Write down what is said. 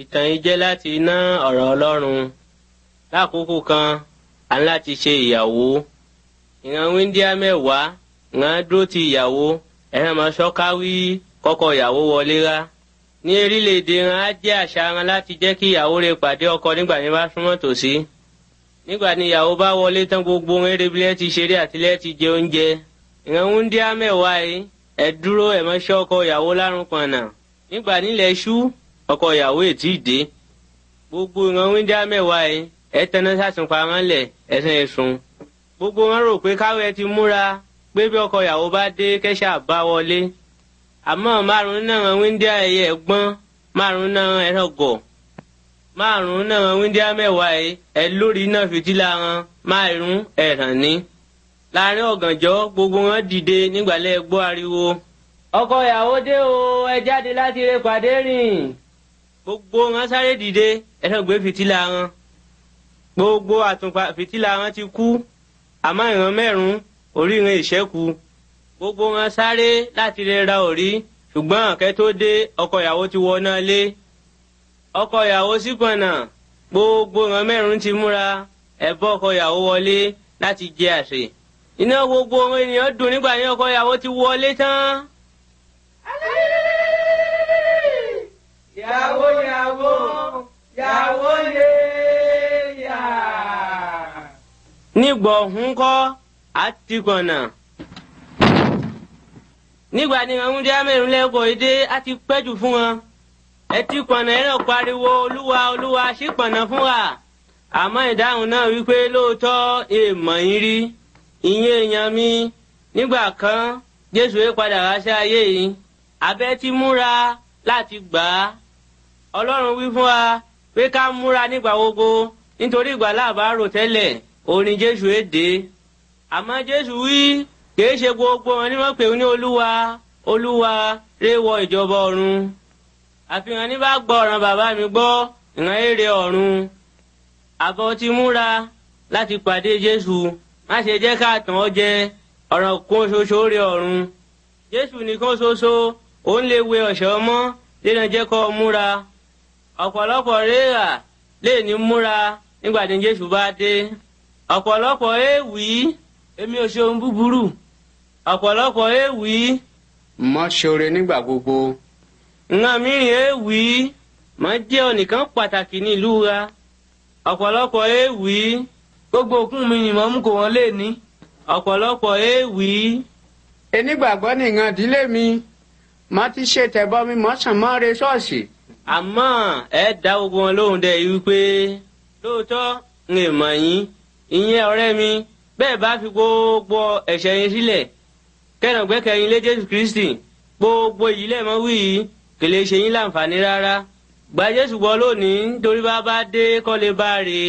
ìtàn yìí jẹ́ láti iná ọ̀rọ̀ Ọlọ́run lákòókò kan à ń láti ṣe ìyàwó ìran wíńdíá mẹ́wàá ìran dúró ti ìyàwó ẹ̀hán máa ṣọ́ká wí kọ́kọ́ ìyàwó wọlé rá ní orílẹ̀-èdè ìran á jẹ́ àṣà wọn láti jẹ́ kí ìyàwó rẹ̀ pàdé ọkọ nígbà ní bá súnmọ́ tòsí nígbà ní ìyàwó bá wọlé tán gbogbo ohun erébilẹ̀ ti ṣeré àtìlẹ́ ti jẹ oúnjẹ ìran wíńdíá mẹ́wàá yìí ẹ̀ dúró ọkọ ìyàwó lárùn kan nígbà nílẹ̀ ṣú ọkọ ìyàwó ẹ̀ tí ì dé gbogbo wọn ń já mẹ́wàá ẹ̀ ẹ̀ tẹná sásùn pamọ́ lẹ̀ ẹ̀sìn ẹ̀sùn gbogbo wọn rò pé káwé ti múra pé bí ọkọ ìyàwó bá dé kẹ́sà bá wọlé àmọ́ márùn-ún náà wíńdíà ẹ̀yẹ ẹ̀gbọ́n márùn-ún náà ẹ̀rọ̀gọ̀ márùn-ún náà wíńdíà mẹ́wàá ẹ̀ ẹ̀ lórí náà fìtílà wọn márùn ẹ̀ràn ní. láàrin ọ̀gànjọ́ gbogbo wọn dìde nígbàlẹ́ gbọ́ ariwo. ọkọ ìyàwó dé o ẹ jáde láti rẹ pàdé rìn gbogbo wọn sáré dìde ẹ̀sán gbé fìtílà wọn gbogbo àtùpà fìtílà wọn ti kú àmọ́ ìran mẹ́rùn orí ìran ìṣẹ́kù gbogbo wọn sáré láti lè ra òrí ṣùgbọ́n àkẹ́ tó dé ọkọ ìyàwó ti wọ náà lé ọkọ ìyàwó sì gbọ̀nà gbogbo ìran mẹ́rùn ti múra ẹ̀bọ́ ọkọ ìyàwó wọlé láti jẹ àṣẹ iná gbogbo ènìyàn dùn nígbà yẹn ọkọ ìyàwó ti wọlé tán. yàwó yàwó yàwó lè yà. nígbà ọ̀hún kọ́ àti kọ̀nà nígbà tí àwọn jẹ́ mẹ́rin lẹ́kọ̀ọ́ èdè á ti pẹ́jù fún wọn ẹtí kọ̀nà ẹ̀rọ pariwo olúwa olúwa ṣí kọ̀nà fún wa àmọ́ ìdáhùn náà wípé lóòótọ́ èèmọ̀ yín rí ìyẹn èèyàn mi nígbà kan jésù yé padà wá sí ayé yìí abẹ́ ti múra láti gbà á ọlọ́run wí fún wa pé ká múra nígbà gbogbo nítorí ìgbà láàbárò tẹ́lẹ̀ orin jésù èdè àmọ́ jésù wí kìí ṣe gbogbo wọn ni wọ́n pè ní olúwa olúwa réwọ ìjọba ọ̀run àfihàn ní bá gbọ́ ọ̀ràn bàbá mi gbọ́ ìran èrè ọ̀run àbọ̀ ti múra láti pàdé jésù má ṣe jẹ́ ká tàn ọ́ jẹ ọ̀ràn kún ṣoṣo rẹ ọ̀run jésù nìkan ṣoṣo òun lè wẹ ọ̀ṣọ́ mọ́ lẹ́nu jẹ́ kó múra ọ̀pọ̀lọpọ̀ rírà lè ní múra nígbà tí jésù bá dé ọ̀pọ̀lọpọ̀ èèwì èmi ò ṣeun búburú ọ̀pọ̀lọpọ̀ èèwì. mọ ṣoore nígbà gbogbo. nǹkan mìíràn èèwì mọ jẹ́ ọ̀nìkan pàtàkì ní ìlú wa ọ̀pọ̀lọpọ̀ èèwì gbogbo òkun mi nìmọ̀ mú kò wọ́n lè ní ọ̀pọ̀lọpọ̀ èèwì. enígbàgbọ́ nìkan ìdílé mi mo ti ṣètẹ̀bọ mi mo sàn mọ́ re ṣọ́ọ̀ṣì. So àmọ́ ẹ dá gbogbo wọn lóhùn dẹ wípé lóòótọ́ ń lè mọ̀ yín ìyẹn ọ̀rẹ́ mi bẹ́ẹ̀ bá fi gbogbo ẹ̀ṣẹ̀ yín sílẹ̀ kẹ́nàgbẹ́kẹ̀yìn lé jésù kristi gbogbo yìí lẹ́ẹ̀mọ́ wí yìí kì lè ṣe yín láǹfààní rárá gba jésù gbọ́ lónìí nítorí bá bá dé kọ́ lè bá rèé.